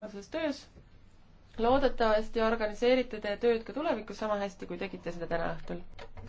igapäevases töös. loodetavasti organiseerite te tööd ka tulevikus sama hästi, kui tegite seda täna õhtul.